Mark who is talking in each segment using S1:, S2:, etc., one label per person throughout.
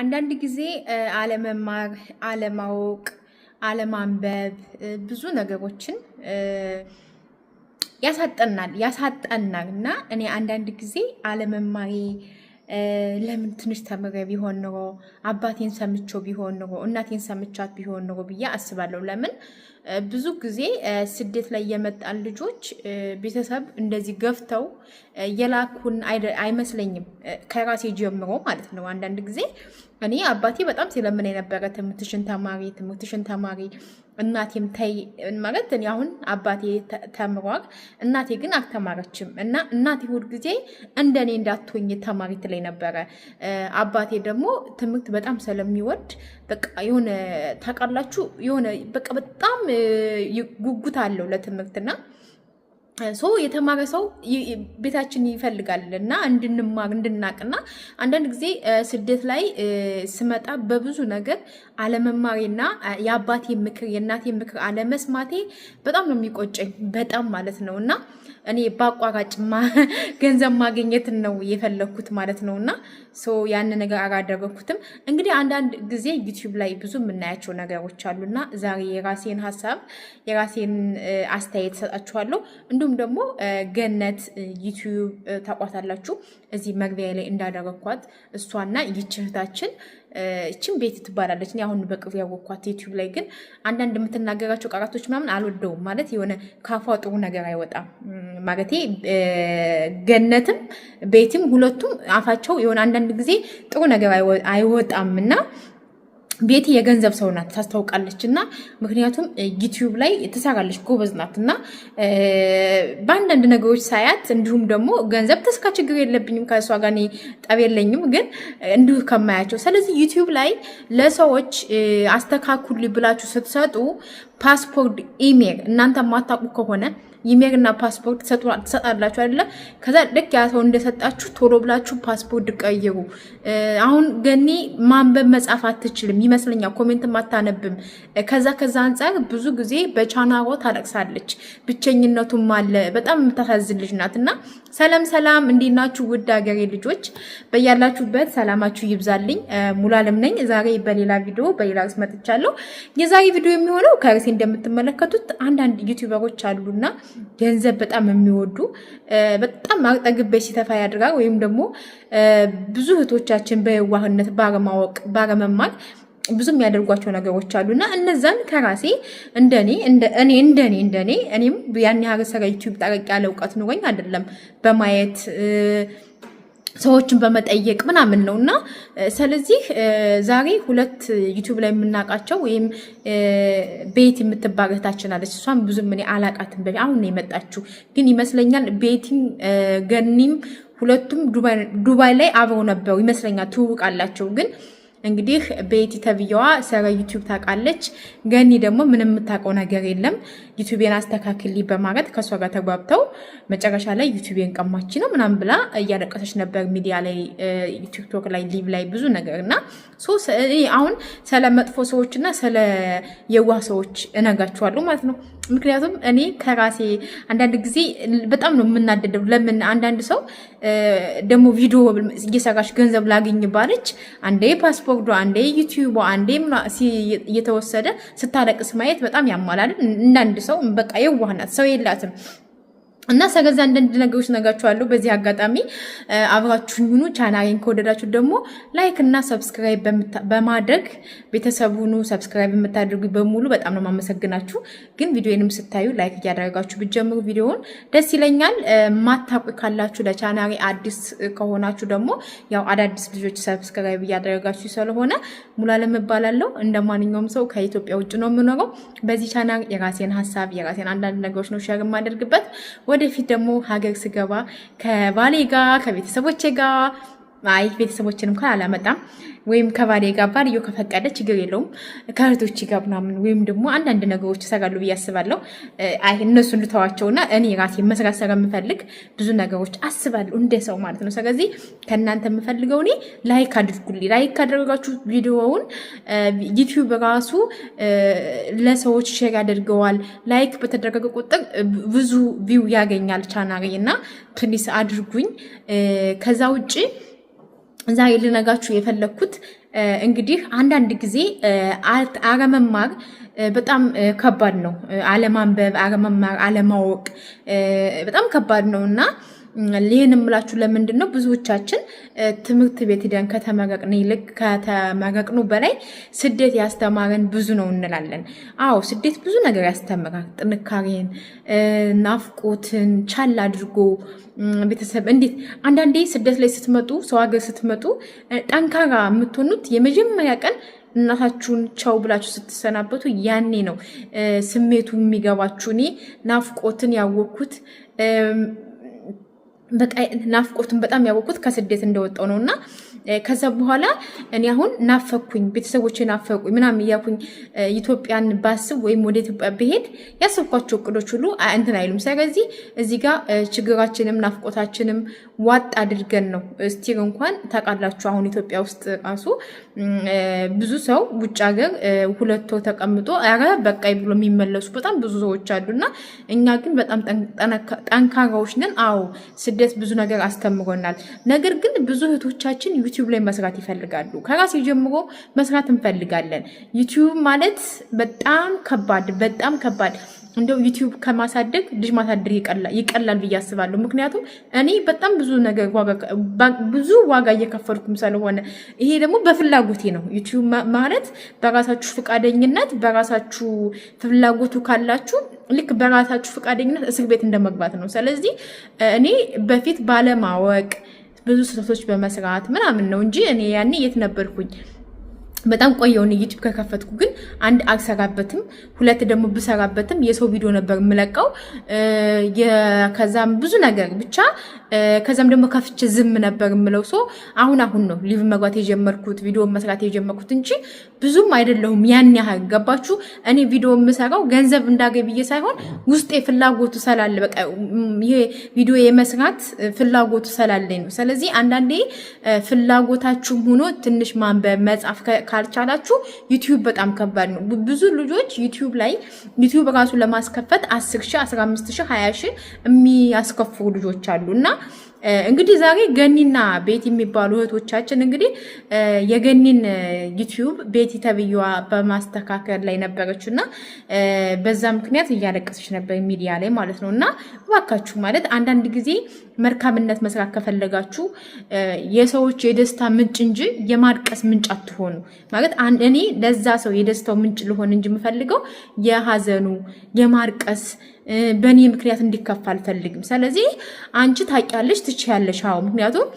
S1: አንዳንድ ጊዜ አለመማር፣ አለማወቅ፣ አለማንበብ ብዙ ነገሮችን ያሳጠናል ያሳጠናል እና እኔ አንዳንድ ጊዜ አለመማሬ ለምን ትንሽ ተምሬ ቢሆን ኖሮ አባቴን ሰምቼው ቢሆን ኖሮ እናቴን ሰምቻት ቢሆን ኖሮ ብዬ አስባለሁ። ለምን ብዙ ጊዜ ስደት ላይ የመጣን ልጆች ቤተሰብ እንደዚህ ገፍተው የላኩን አይመስለኝም፣ ከራሴ ጀምሮ ማለት ነው። አንዳንድ ጊዜ እኔ አባቴ በጣም ሲለምን የነበረ ትምህርትሽን ተማሪ ትምህርትሽን ተማሪ፣ እናቴም ተይ ማለት እኔ አሁን አባቴ ተምሯል፣ እናቴ ግን አልተማረችም። እና እናቴ ሁል ጊዜ እኔ እንዳትሆኝ ተማሪ ትለኝ ነበረ። አባቴ ደግሞ ትምህርት በጣም ስለሚወድ በቃ የሆነ ታውቃላችሁ፣ የሆነ በቃ በጣም ጉጉት አለው ለትምህርትና ሶ የተማረ ሰው ቤታችን ይፈልጋል እና እንድንማር እንድናቅና አንዳንድ ጊዜ ስደት ላይ ስመጣ በብዙ ነገር አለመማሬና የአባቴ ምክር የእናቴ ምክር አለመስማቴ በጣም ነው የሚቆጨኝ፣ በጣም ማለት ነው። እና እኔ በአቋራጭ ገንዘብ ማግኘትን ነው የፈለግኩት ማለት ነው። እና ያን ነገር አላደረግኩትም። እንግዲህ አንዳንድ ጊዜ ዩቲዩብ ላይ ብዙ የምናያቸው ነገሮች አሉና ዛሬ የራሴን ሀሳብ የራሴን አስተያየት ሰጣችኋለሁ። እንዲሁም ደግሞ ገነት ዩቲዩብ ታቋታላችሁ እዚህ መግቢያ ላይ እንዳደረግኳት እሷና ይችህታችን እችም ቤት ትባላለች። እኔ አሁን በቅርብ ያወቅኳት ዩቲዩብ ላይ ግን አንዳንድ የምትናገራቸው ቃላቶች ምናምን አልወደውም። ማለት የሆነ ካፏ ጥሩ ነገር አይወጣም። ማለቴ ገነትም ቤትም ሁለቱም አፋቸው የሆነ አንዳንድ ጊዜ ጥሩ ነገር አይወጣም እና ቤቲ የገንዘብ ሰው ናት ታስታውቃለች። እና ምክንያቱም ዩቲዩብ ላይ ትሰራለች ጎበዝ ናት። እና በአንዳንድ ነገሮች ሳያት እንዲሁም ደግሞ ገንዘብ ተስካ ችግር የለብኝም ከእሷ ጋር ጠብ የለኝም፣ ግን እንዲሁ ከማያቸው ስለዚህ ዩቲዩብ ላይ ለሰዎች አስተካኩል ብላችሁ ስትሰጡ ፓስፖርት ኢሜል እናንተ የማታውቁ ከሆነ ኢሜልና ፓስፖርት ትሰጣላችሁ አይደለ? ከዛ ልክ ያ ሰው እንደሰጣችሁ ቶሎ ብላችሁ ፓስፖርት ቀይሩ። አሁን ገኒ ማንበብ መጻፍ አትችልም ይመስለኛል፣ ኮሜንትም አታነብም። ከዛ ከዛ አንጻር ብዙ ጊዜ በቻናሮ ታለቅሳለች። ብቸኝነቱም አለ። በጣም የምታሳዝን ልጅ ናት እና ሰላም ሰላም፣ እንዴት ናችሁ? ውድ ሀገሬ ልጆች በያላችሁበት ሰላማችሁ ይብዛልኝ። ሙሉ ነኝ። ዛሬ በሌላ ቪዲዮ በሌላ ርዕስ መጥቻለሁ። የዛሬ ቪዲዮ የሚሆነው ከርዕሴ እንደምትመለከቱት አንዳንድ ዩቲዩበሮች አሉና ገንዘብ በጣም የሚወዱ በጣም አርጠግቤ ሲተፋ ያድራል ወይም ደግሞ ብዙ እህቶቻችን በየዋህነት ባለማወቅ ባለመማር ብዙ የሚያደርጓቸው ነገሮች አሉና እነዛን ከራሴ እንደኔ እኔ እንደኔ እንደኔ እኔም ያን ያህል ስራ ዩቲዩብ ጠረቅ ያለ እውቀት ኑሮኝ አይደለም በማየት ሰዎችን በመጠየቅ ምናምን ነው እና ስለዚህ ዛሬ ሁለት ዩቲዩብ ላይ የምናውቃቸው ወይም ቤት የምትባል እህታችን አለች። እሷን ብዙም እኔ አላቃትም በ አሁን ነው የመጣችው፣ ግን ይመስለኛል ቤቲም ገኒም ሁለቱም ዱባይ ላይ አብረው ነበሩ ይመስለኛል፣ ትውውቅ አላቸው ግን እንግዲህ ቤቲ ተብዬዋ ስለ ዩቲዩብ ታውቃለች። ገኒ ደግሞ ምንም የምታውቀው ነገር የለም። ዩቲዩቤን አስተካክል በማለት ከእሷ ጋር ተጓብተው መጨረሻ ላይ ዩቲዩቤን ቀማች ነው ምናምን ብላ እያለቀሰች ነበር ሚዲያ ላይ ቲክቶክ ላይ ሊቭ ላይ ብዙ ነገር እና አሁን ስለ መጥፎ ሰዎችና ስለ የዋህ ሰዎች እነጋችኋለሁ ማለት ነው። ምክንያቱም እኔ ከራሴ አንዳንድ ጊዜ በጣም ነው የምናደደው። ለምን አንዳንድ ሰው ደግሞ ቪዲዮ እየሰራች ገንዘብ ላገኝ ባለች አንዴ ፓስፖርዶ፣ አንዴ ዩቲዩቡ፣ አንዴ እየተወሰደ ስታለቅስ ማየት በጣም ያሟላልን አንዳንድ ሰው በቃ የዋህ ናት፣ ሰው የላትም እና ሰገዛ አንዳንድ ነገሮች ነጋችኋለሁ። በዚህ አጋጣሚ አብራችሁ ሁኑ። ቻናሌን ከወደዳችሁ ደግሞ ላይክ እና ሰብስክራይብ በማድረግ ቤተሰብ ሁኑ። ሰብስክራይብ የምታደርጉ በሙሉ በጣም ነው የማመሰግናችሁ። ግን ቪዲዮንም ስታዩ ላይክ እያደረጋችሁ ብጀምሩ ቪዲዮውን ደስ ይለኛል። ማታቁ ካላችሁ ለቻናሌ አዲስ ከሆናችሁ ደግሞ ያው አዳዲስ ልጆች ሰብስክራይብ እያደረጋችሁ ስለሆነ ሙሉዓለም እባላለሁ። እንደ ማንኛውም ሰው ከኢትዮጵያ ውጭ ነው የምኖረው። በዚህ ቻናል የራሴን ሀሳብ የራሴን አንዳንድ ነገሮች ነው ሸር የማደርግበት ወደፊት ደግሞ ሀገር ስገባ ከባሌ ጋር ከቤተሰቦቼ ጋር አይ ቤተሰቦችን እንኳን አላመጣም። ወይም ከባሌ ጋር ባልየው ከፈቀደ ችግር የለውም። ከእህቶች ጋር ምናምን ወይም ደግሞ አንዳንድ ነገሮች ይሰጋሉ ብዬ አስባለሁ። አይ እነሱ እንድተዋቸውና እኔ ራሴ መስራት የምፈልግ ብዙ ነገሮች አስባለሁ እንደ ሰው ማለት ነው። ስለዚህ ከእናንተ የምፈልገው እኔ ላይክ አድርጉልኝ። ላይክ ካደረጋችሁ ቪዲዮውን ዩቲዩብ ራሱ ለሰዎች ሼር ያደርገዋል። ላይክ በተደረገ ቁጥር ብዙ ቪው ያገኛል ቻናሪ እና ፕሊስ አድርጉኝ ከዛ ውጭ ዛሬ ልነጋችሁ የፈለግኩት እንግዲህ አንዳንድ ጊዜ አለመማር በጣም ከባድ ነው። አለማንበብ፣ አለመማር፣ አለማወቅ በጣም ከባድ ነው እና ይህን የምላችሁ ለምንድን ነው? ብዙዎቻችን ትምህርት ቤት ሂደን ከተመረቅን ይልቅ ከተመረቅኑ በላይ ስደት ያስተማረን ብዙ ነው እንላለን። አዎ ስደት ብዙ ነገር ያስተምራል። ጥንካሬን፣ ናፍቆትን ቻል አድርጎ ቤተሰብ እንዴት አንዳንዴ ስደት ላይ ስትመጡ ሰው ሀገር ስትመጡ ጠንካራ የምትሆኑት የመጀመሪያ ቀን እናታችሁን ቻው ብላችሁ ስትሰናበቱ ያኔ ነው ስሜቱ የሚገባችሁ። እኔ ናፍቆትን ያወቅኩት በቃ ናፍቆትን በጣም ያወቁት ከስደት እንደወጣው ነው። እና ከዛ በኋላ እኔ አሁን ናፈኩኝ፣ ቤተሰቦች ናፈቁኝ ምናምን እያኩኝ ኢትዮጵያን ባስብ ወይም ወደ ኢትዮጵያ ብሄድ ያሰብኳቸው እቅዶች ሁሉ እንትን አይሉም። ስለዚህ እዚህ ጋር ችግራችንም ናፍቆታችንም ዋጥ አድርገን ነው ስቲር እንኳን ታውቃላችሁ፣ አሁን ኢትዮጵያ ውስጥ ራሱ ብዙ ሰው ውጭ ሀገር ሁለት ወር ተቀምጦ ኧረ በቃይ ብሎ የሚመለሱ በጣም ብዙ ሰዎች አሉና እኛ ግን በጣም ጠንካራዎች ነን። አዎ ስደት ብዙ ነገር አስተምሮናል። ነገር ግን ብዙ እህቶቻችን ዩቲዩብ ላይ መስራት ይፈልጋሉ። ከራሴ ጀምሮ መስራት እንፈልጋለን። ዩቲዩብ ማለት በጣም ከባድ በጣም ከባድ እንደው ዩቲዩብ ከማሳደግ ልጅ ማሳደግ ይቀላል ብዬ አስባለሁ። ምክንያቱም እኔ በጣም ብዙ ነገር ብዙ ዋጋ እየከፈልኩም ስለሆነ ይሄ ደግሞ በፍላጎቴ ነው። ዩቲዩብ ማለት በራሳችሁ ፍቃደኝነት በራሳችሁ ፍላጎቱ ካላችሁ ልክ በራሳችሁ ፍቃደኝነት እስር ቤት እንደመግባት ነው። ስለዚህ እኔ በፊት ባለማወቅ ብዙ ስህተቶች በመስራት ምናምን ነው እንጂ እኔ ያኔ የት ነበርኩኝ? በጣም ቆየውን ዩቲብ ከከፈትኩ ግን አንድ አልሰራበትም፣ ሁለት ደግሞ ብሰራበትም የሰው ቪዲዮ ነበር የምለቀው። ከዛም ብዙ ነገር ብቻ ከዚም ደግሞ ከፍቼ ዝም ነበር የምለው ሰው አሁን አሁን ነው ሊቭ መግባት የጀመርኩት ቪዲዮ መስራት የጀመርኩት እንጂ ብዙም አይደለሁም። ያን ያህል ገባችሁ። እኔ ቪዲዮ የምሰራው ገንዘብ እንዳገኝ ብዬ ሳይሆን ውስጤ ፍላጎቱ ስላለ በቃ ይሄ ቪዲዮ የመስራት ፍላጎቱ ስላለኝ ነው። ስለዚህ አንዳንዴ ፍላጎታችሁም ሆኖ ትንሽ ማንበብ መጻፍ ካልቻላችሁ ዩቲዩብ በጣም ከባድ ነው። ብዙ ልጆች ዩቲዩብ ላይ ዩቲዩብ ራሱ ለማስከፈት አስር ሺህ አስራ የሚያስከፍሩ ልጆች አሉ እና እንግዲህ ዛሬ ገኒና ቤቲ የሚባሉ እህቶቻችን እንግዲህ የገኒን ዩቲዩብ ቤቲ ተብዬዋ በማስተካከል ላይ ነበረች እና በዛ ምክንያት እያለቀሰች ነበር ሚዲያ ላይ ማለት ነው። እና እባካችሁ ማለት አንዳንድ ጊዜ መልካምነት መስራት ከፈለጋችሁ የሰዎች የደስታ ምንጭ እንጂ የማድቀስ ምንጭ አትሆኑ። ማለት እኔ ለዛ ሰው የደስታው ምንጭ ልሆን እንጂ የምፈልገው የሀዘኑ የማድቀስ በእኔ ምክንያት እንዲከፋ አልፈልግም። ስለዚህ አንቺ ታውቂያለሽ፣ ትችያለሽ። አዎ ምክንያቱም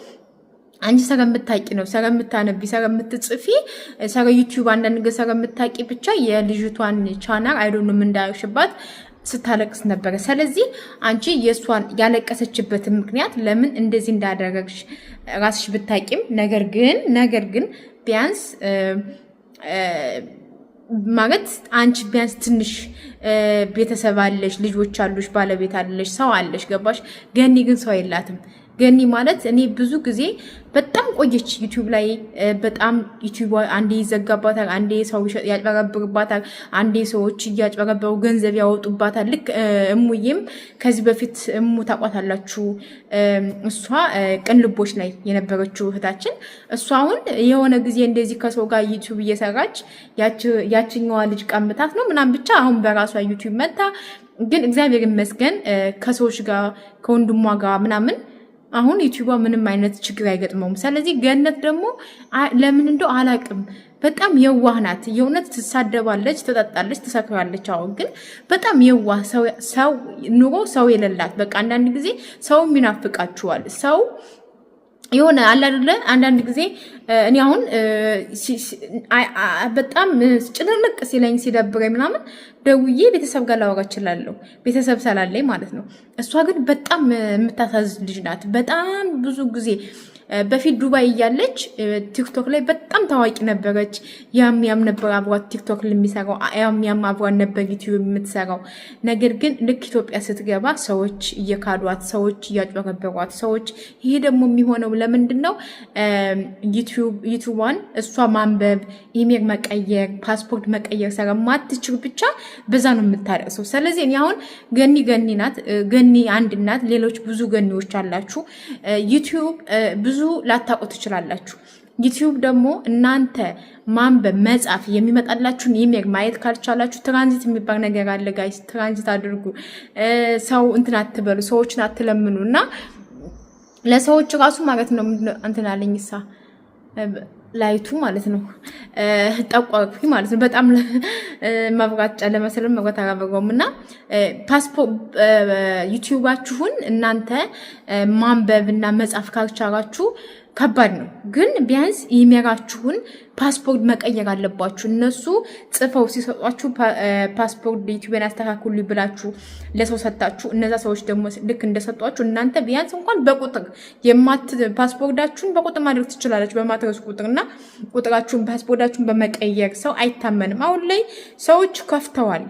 S1: አንቺ የምታቂ ነው፣ ሰገ የምትጽፊ ሰገ ዩቲዩብ አንዳንድ ሰገ የምታቂ ብቻ የልጅቷን ቻናል አይዶንም እንዳያሽባት ስታለቅስ ነበረ። ስለዚህ አንቺ የእሷን ያለቀሰችበትን ምክንያት ለምን እንደዚህ እንዳደረግሽ ራስሽ ብታቂም ነገር ግን ነገር ግን ቢያንስ ማለት አንቺ ቢያንስ ትንሽ ቤተሰብ አለሽ፣ ልጆች አሉሽ፣ ባለቤት አለሽ፣ ሰው አለሽ። ገባሽ? ገኒ ግን ሰው የላትም። ገኒ ማለት እኔ ብዙ ጊዜ በጣም ቆየች ዩቲዩብ ላይ በጣም ዩቲዩብ አንዴ ይዘጋባታል፣ አንዴ ሰው ያጭበረብርባታል፣ አንዴ ሰዎች እያጭበረበሩ ገንዘብ ያወጡባታል። ልክ እሙዬም ከዚህ በፊት እሙ ታቋታላችሁ፣ እሷ ቅን ልቦች ላይ የነበረችው እህታችን። እሷ አሁን የሆነ ጊዜ እንደዚህ ከሰው ጋር ዩቲዩብ እየሰራች ያችኛዋ ልጅ ቀምታት ነው ምናምን ብቻ አሁን በራሷ ዩቲዩብ መታ። ግን እግዚአብሔር ይመስገን ከሰዎች ጋር ከወንድሟ ጋር ምናምን አሁን ዩቲዩቧ ምንም አይነት ችግር አይገጥመውም። ስለዚህ ገነት ደግሞ ለምን እንደ አላቅም በጣም የዋህ ናት። የእውነት ትሳደባለች፣ ትጠጣለች፣ ትሰክራለች። አሁን ግን በጣም የዋህ ሰው ኑሮ ሰው የሌላት በቃ አንዳንድ ጊዜ ሰው ይናፍቃችኋል ሰው የሆነ አላደለ አንዳንድ ጊዜ እኔ አሁን በጣም ጭንቅንቅ ሲለኝ ሲደብረኝ ምናምን ደውዬ ቤተሰብ ጋር ላወራ እችላለሁ፣ ቤተሰብ ስላለኝ ማለት ነው። እሷ ግን በጣም የምታሳዝን ልጅ ናት። በጣም ብዙ ጊዜ በፊት ዱባይ እያለች ቲክቶክ ላይ በጣም ታዋቂ ነበረች። ያም ያም ነበር አብሯት ቲክቶክ የሚሰራው ያም ያም አብሯት ነበር ዩቲዩብ የምትሰራው። ነገር ግን ልክ ኢትዮጵያ ስትገባ ሰዎች እየካዷት፣ ሰዎች እያጭበረበሯት፣ ሰዎች ይሄ ደግሞ የሚሆነው ለምንድን ነው? ዩቲዩቧን እሷ ማንበብ፣ ኢሜል መቀየር፣ ፓስፖርት መቀየር ስለማትችል ብቻ በዛ ነው የምታደርሰው። ስለዚህ እኔ አሁን ገኒ ገኒ ናት ገኒ አንድ ናት። ሌሎች ብዙ ገኒዎች አላችሁ ዩትዩብ ብዙ ላታውቁ ትችላላችሁ። ዩትዩብ ደግሞ እናንተ ማንበብ መጻፍ የሚመጣላችሁን ኢሜል ማየት ካልቻላችሁ ትራንዚት የሚባል ነገር አለ ጋይስ። ትራንዚት አድርጉ። ሰው እንትን አትበሉ፣ ሰዎችን አትለምኑ እና ለሰዎች ራሱ ማለት ነው እንትን አለኝሳ ላይቱ ማለት ነው ጠቋፊ ማለት ነው። በጣም መብራት ጨለመ ስለ መብራት አላበረውም እና ዩቲዩባችሁን እናንተ ማንበብ እና መጻፍ ካልቻላችሁ ከባድ ነው፣ ግን ቢያንስ ኢሜራችሁን ፓስፖርት መቀየር አለባችሁ። እነሱ ጽፈው ሲሰጧችሁ ፓስፖርት ለኢትዮጵያን ያስተካክሉ ብላችሁ ለሰው ሰጣችሁ። እነዛ ሰዎች ደግሞ ልክ እንደሰጧችሁ እናንተ ቢያንስ እንኳን በቁጥር ፓስፖርታችሁን በቁጥር ማድረግ ትችላላችሁ። በማትረሱ ቁጥር እና ቁጥራችሁን ፓስፖርታችሁን በመቀየር ሰው አይታመንም። አሁን ላይ ሰዎች ከፍተዋል።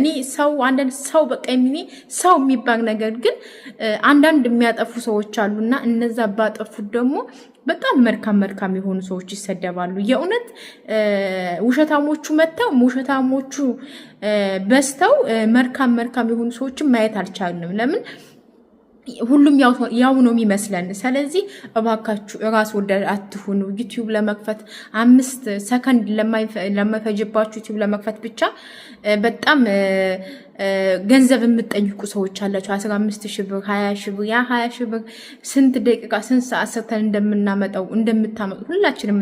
S1: እኔ ሰው አንዳንድ ሰው በቃ ሰው የሚባል ነገር ግን አንዳንድ የሚያጠፉ ሰዎች አሉና እነዛ ባጠፉት ደግሞ በጣም መልካም መልካም የሆኑ ሰዎች ይሰደባሉ። የእውነት ውሸታሞቹ መጥተው ውሸታሞቹ በስተው መልካም መልካም የሆኑ ሰዎችን ማየት አልቻልንም። ለምን? ሁሉም ያው ነው የሚመስለን። ስለዚህ እባካችሁ እራስ ወዳድ አትሁኑ። ዩቲዩብ ለመክፈት አምስት ሰከንድ ለማይፈጅባችሁ ዩቲዩብ ለመክፈት ብቻ በጣም ገንዘብ የምጠይቁ ሰዎች አላቸው። አስራ አምስት ሺህ ብር፣ ሀያ ሺህ ብር። ያ ሀያ ሺህ ብር ስንት ደቂቃ ስንት ሰዓት ሰርተን እንደምናመጣው እንደምታመጡ ሁላችንም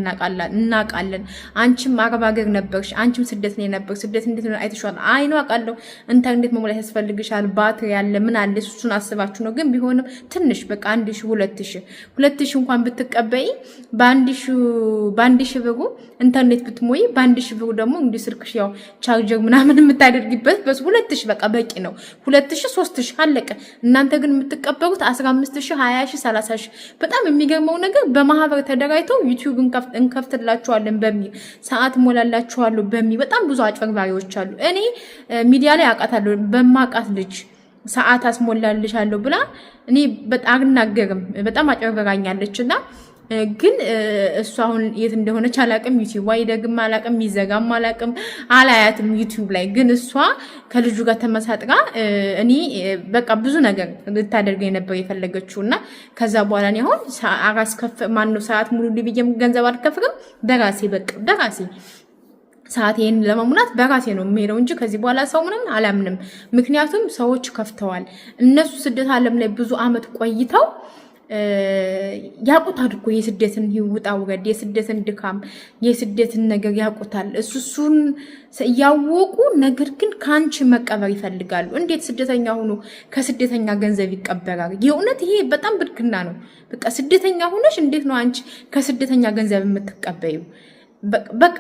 S1: እናውቃለን። አንቺም አረብ ሀገር ነበርሽ፣ አንቺም ስደት ነው የነበር። ስደት እንዴት ነው አይተሽዋል። አይ ነው አውቃለሁ። ኢንተርኔት መሙላት ያስፈልግሻል፣ ባትሪ ያለ ምን አለ፣ እሱን አስባችሁ ነው። ግን ቢሆንም ትንሽ በቃ አንድ ሺህ ሁለት ሺህ ሁለት ሺህ እንኳን ብትቀበይ በአንድ ሺህ ብሩ ኢንተርኔት ብትሞይ፣ በአንድ ሺህ ብሩ ደግሞ እንግዲህ ስልክሽ ያው ቻርጀር ምናምን የምታደርጊበት በሱ ሁለት ሺህ በቃ በቂ ነው። ሁለት ሺህ ሶስት ሺህ አለቀ። እናንተ ግን የምትቀበሉት አስራ አምስት ሺህ ሀያ ሺህ ሰላሳ ሺህ በጣም የሚገርመው ነገር በማህበር ተደራጅተው ዩቲዩብ እንከፍትላችኋለን በሚል ሰዓት ሞላላችኋለሁ በሚል በጣም ብዙ አጭበርባሪዎች አሉ። እኔ ሚዲያ ላይ አውቃታለሁ በማውቃት ልጅ ሰዓት አስሞላልሻለሁ ብላ እኔ በጣም አልናገርም። በጣም አጭበርብራኛለች እና ግን እሱ አሁን የት እንደሆነች አላቅም። ዩቲዩብ አይደግም አላቅም፣ ይዘጋም አላቅም፣ አላያትም ዩቲዩብ ላይ ግን እሷ ከልጁ ጋር ተመሳጥቃ እኔ በቃ ብዙ ነገር ልታደርገኝ ነበር የፈለገችው እና ከዛ በኋላ እኔ አሁን አራስከፍ ማነው ሰዓት ሙሉ ልብዬም ገንዘብ አልከፍልም በራሴ በቃ በራሴ ሰዓቴን ለመሙላት በራሴ ነው የሚሄደው እንጂ ከዚህ በኋላ ሰው ምንም አላምንም። ምክንያቱም ሰዎች ከፍተዋል። እነሱ ስደት ዓለም ላይ ብዙ አመት ቆይተው ያቁታል እኮ የስደትን ውጣ ውረድ፣ የስደትን ድካም፣ የስደትን ነገር ያቁታል እሱሱን እሱን እያወቁ ነገር ግን ከአንቺ መቀበር ይፈልጋሉ። እንዴት ስደተኛ ሆኖ ከስደተኛ ገንዘብ ይቀበራል? የእውነት ይሄ በጣም ብድክና ነው። በቃ ስደተኛ ሆነሽ እንዴት ነው አንቺ ከስደተኛ ገንዘብ የምትቀበዩ? በቃ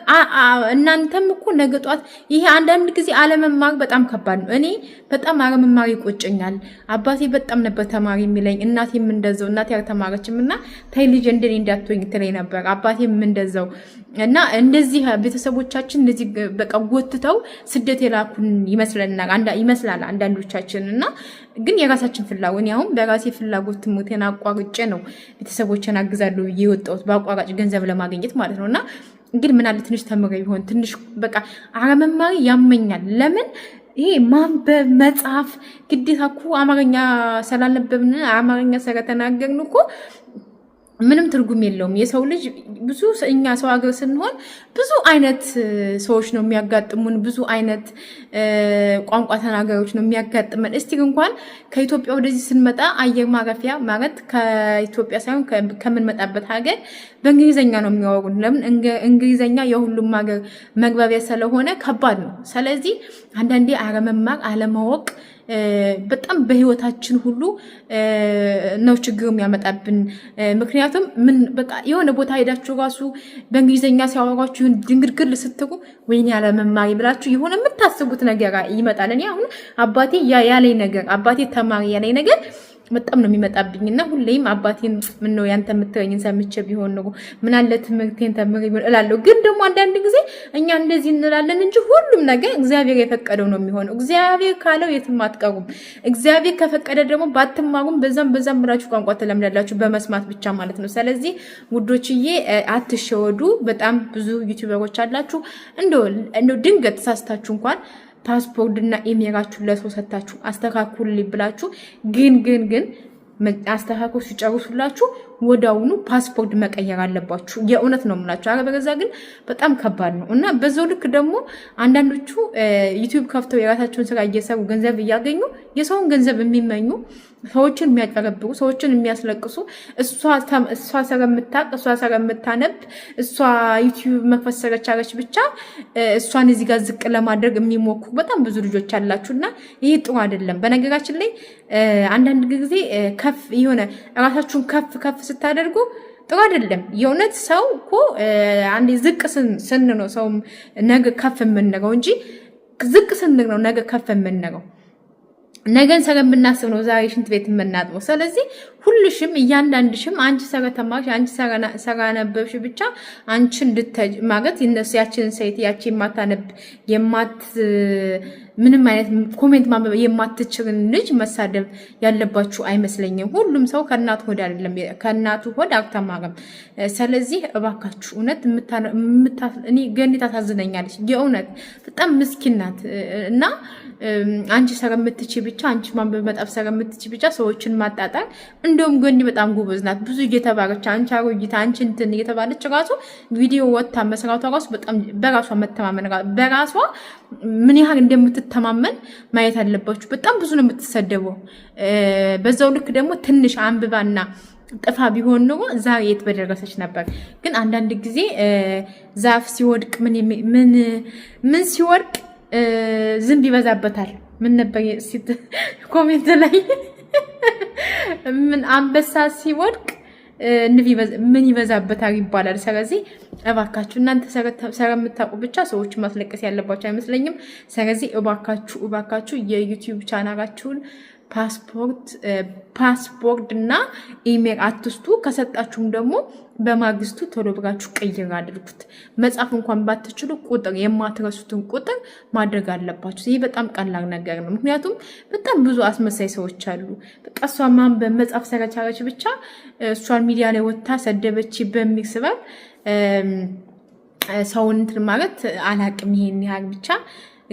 S1: እናንተም እኮ ነገ ጧት ይሄ አንዳንድ ጊዜ አለመማር በጣም ከባድ ነው። እኔ በጣም አለመማር ይቆጨኛል። አባቴ በጣም ነበር ተማሪ የሚለኝ፣ እናቴም እንደዛው። እናቴ አልተማረችም እና ተይ ልጅ እንደኔ እንዳትሆኝ ትለኝ ነበር፣ አባቴም እንደዛው እና እንደዚህ ቤተሰቦቻችን እንደዚህ በቃ ጎትተው ስደት የላኩን ይመስላል አንዳንዶቻችን። እና ግን የራሳችን ፍላጎት እኔ አሁን በራሴ ፍላጎት ትምህርቴን አቋርጬ ነው ቤተሰቦቼን አግዛለሁ ብዬ የወጣሁት በአቋራጭ ገንዘብ ለማግኘት ማለት ነው እና ግን ምን አለ ትንሽ ተምሬ ቢሆን ትንሽ በቃ አረ ያመኛል። ለምን ይሄ ማንበብ መጽሐፍ ግዴታ እኮ አማርኛ ስላነበብን አማርኛ ስለተናገርን እኮ ምንም ትርጉም የለውም። የሰው ልጅ ብዙ እኛ ሰው ሀገር ስንሆን ብዙ አይነት ሰዎች ነው የሚያጋጥሙን፣ ብዙ አይነት ቋንቋ ተናጋሪዎች ነው የሚያጋጥመን። እስቲ እንኳን ከኢትዮጵያ ወደዚህ ስንመጣ አየር ማረፊያ ማለት ከኢትዮጵያ ሳይሆን ከምንመጣበት ሀገር በእንግሊዝኛ ነው የሚያወሩን። ለምን እንግሊዝኛ የሁሉም ሀገር መግባቢያ ስለሆነ ከባድ ነው። ስለዚህ አንዳንዴ አለመማር አለማወቅ በጣም በህይወታችን ሁሉ ነው ችግር የሚያመጣብን። ምክንያቱም ምን በቃ የሆነ ቦታ ሄዳችሁ ራሱ በእንግሊዝኛ ሲያወሯችሁ ይሁን ድንግድግል ስትሩ ወይኔ ያለመማሪ ብላችሁ የሆነ የምታስቡት ነገር ይመጣል። እኔ አሁን አባቴ ያለኝ ነገር አባቴ ተማሪ ያለኝ ነገር በጣም ነው የሚመጣብኝ እና ሁሌም አባቴን ነው ያንተ የምትለኝን ሰምቼ ቢሆን ነው ምን አለ ትምህርቴን ተምር ቢሆን እላለሁ። ግን ደግሞ አንዳንድ ጊዜ እኛ እንደዚህ እንላለን እንጂ ሁሉም ነገር እግዚአብሔር የፈቀደው ነው የሚሆነው። እግዚአብሔር ካለው የትም አትቀሩም። እግዚአብሔር ከፈቀደ ደግሞ ባትማሩም በዛም በዛም ብላችሁ ቋንቋ ተለምዳላችሁ በመስማት ብቻ ማለት ነው። ስለዚህ ውዶችዬ አትሸወዱ። በጣም ብዙ ዩቲዩበሮች አላችሁ እንደው ድንገት ተሳስታችሁ እንኳን ፓስፖርድና ኢሜራችሁን ለሰው ሰታችሁ አስተካክሉልኝ ብላችሁ ግን ግን ግን አስተካክሉ ሲጨርሱላችሁ ወዳውኑ ፓስፖርት መቀየር አለባችሁ። የእውነት ነው የምላችሁ። አረ በገዛ ግን በጣም ከባድ ነው እና በዛው ልክ ደግሞ አንዳንዶቹ ዩቲዩብ ከፍተው የራሳቸውን ስራ እየሰሩ ገንዘብ እያገኙ የሰውን ገንዘብ የሚመኙ ሰዎችን የሚያጨረብሩ ሰዎችን የሚያስለቅሱ እሷ ስለምታቅ እሷ ስለምታነብ እሷ ዩቲዩብ መክፈት ብቻ እሷን እዚህ ጋር ዝቅ ለማድረግ የሚሞክሩ በጣም ብዙ ልጆች አላችሁ እና ይህ ጥሩ አይደለም። በነገራችን ላይ አንዳንድ ጊዜ ከፍ የሆነ እራሳችሁን ከፍ ከፍ ስታደርጉ ጥሩ አይደለም። የእውነት ሰው እኮ አንዴ ዝቅ ስን ነው ነገ ከፍ የምንለው እንጂ ዝቅ ስንል ነው ነገ ከፍ የምንለው። ነገን ስለምናስብ ነው ዛሬ ሽንት ቤት የምናጥበው። ስለዚህ ሁልሽም እያንዳንድሽም አንቺ ሰረተማሽ አንቺ ሰራነበብሽ ብቻ አንቺ እንድተ ማለት እነሱ ያችንን ሴት ያቺ የማታነብ የማት ምንም አይነት ኮሜንት ማንበብ የማትችልን ልጅ መሳደብ ያለባችሁ አይመስለኝም። ሁሉም ሰው ከእናቱ ሆድ አይደለም ከእናቱ ሆድ አልተማረም። ስለዚህ እባካችሁ እውነት እኔ ገኒ ታሳዝነኛለች። የእውነት በጣም ምስኪን ናት እና አንቺ የምትች ብቻ አንቺ ማንበብ መጣፍ የምትች ብቻ ሰዎችን ማጣጣል እንደውም ገኒ በጣም ጉብዝ ናት። ብዙ እየተባረች አንቺ አሮጊት አንቺ እንትን እየተባለች ራሱ ቪዲዮ ወጥታ መስራቷ ራሱ በጣም በራሷ መተማመን በራሷ ምን ያህል እንደምት ስትተማመን ማየት አለባችሁ። በጣም ብዙ ነው የምትሰደበው። በዛው ልክ ደግሞ ትንሽ አንብባና ጥፋ ቢሆን ኖሮ እዛ የት በደረሰች ነበር። ግን አንዳንድ ጊዜ ዛፍ ሲወድቅ ምን ሲወድቅ ዝንብ ይበዛበታል። ምን ነበር ኮሜንት ላይ ምን አንበሳ ሲወድቅ ምን ይበዛበታል ይባላል። ስለዚህ እባካችሁ እናንተ ስለምታውቁ ብቻ ሰዎች ማስለቀስ ያለባቸው አይመስለኝም። ስለዚህ እባካችሁ እባካችሁ የዩቲዩብ ቻናላችሁን ፓስፖርት ፓስፖርት እና ኢሜል አትስቱ። ከሰጣችሁም ደግሞ በማግስቱ ቶሎ ብላችሁ ቀይር አድርጉት። መጻፍ እንኳን ባትችሉ ቁጥር የማትረሱትን ቁጥር ማድረግ አለባችሁ። ይህ በጣም ቀላል ነገር ነው። ምክንያቱም በጣም ብዙ አስመሳይ ሰዎች አሉ። በቃ እሷ ማንበብ መጻፍ ስለቻለች ብቻ እሷን ሚዲያ ላይ ወጥታ ሰደበች በሚል ስበብ ሰውን እንትን ማለት አላቅም። ይሄን ያህል ብቻ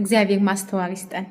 S1: እግዚአብሔር ማስተዋል ይስጠን።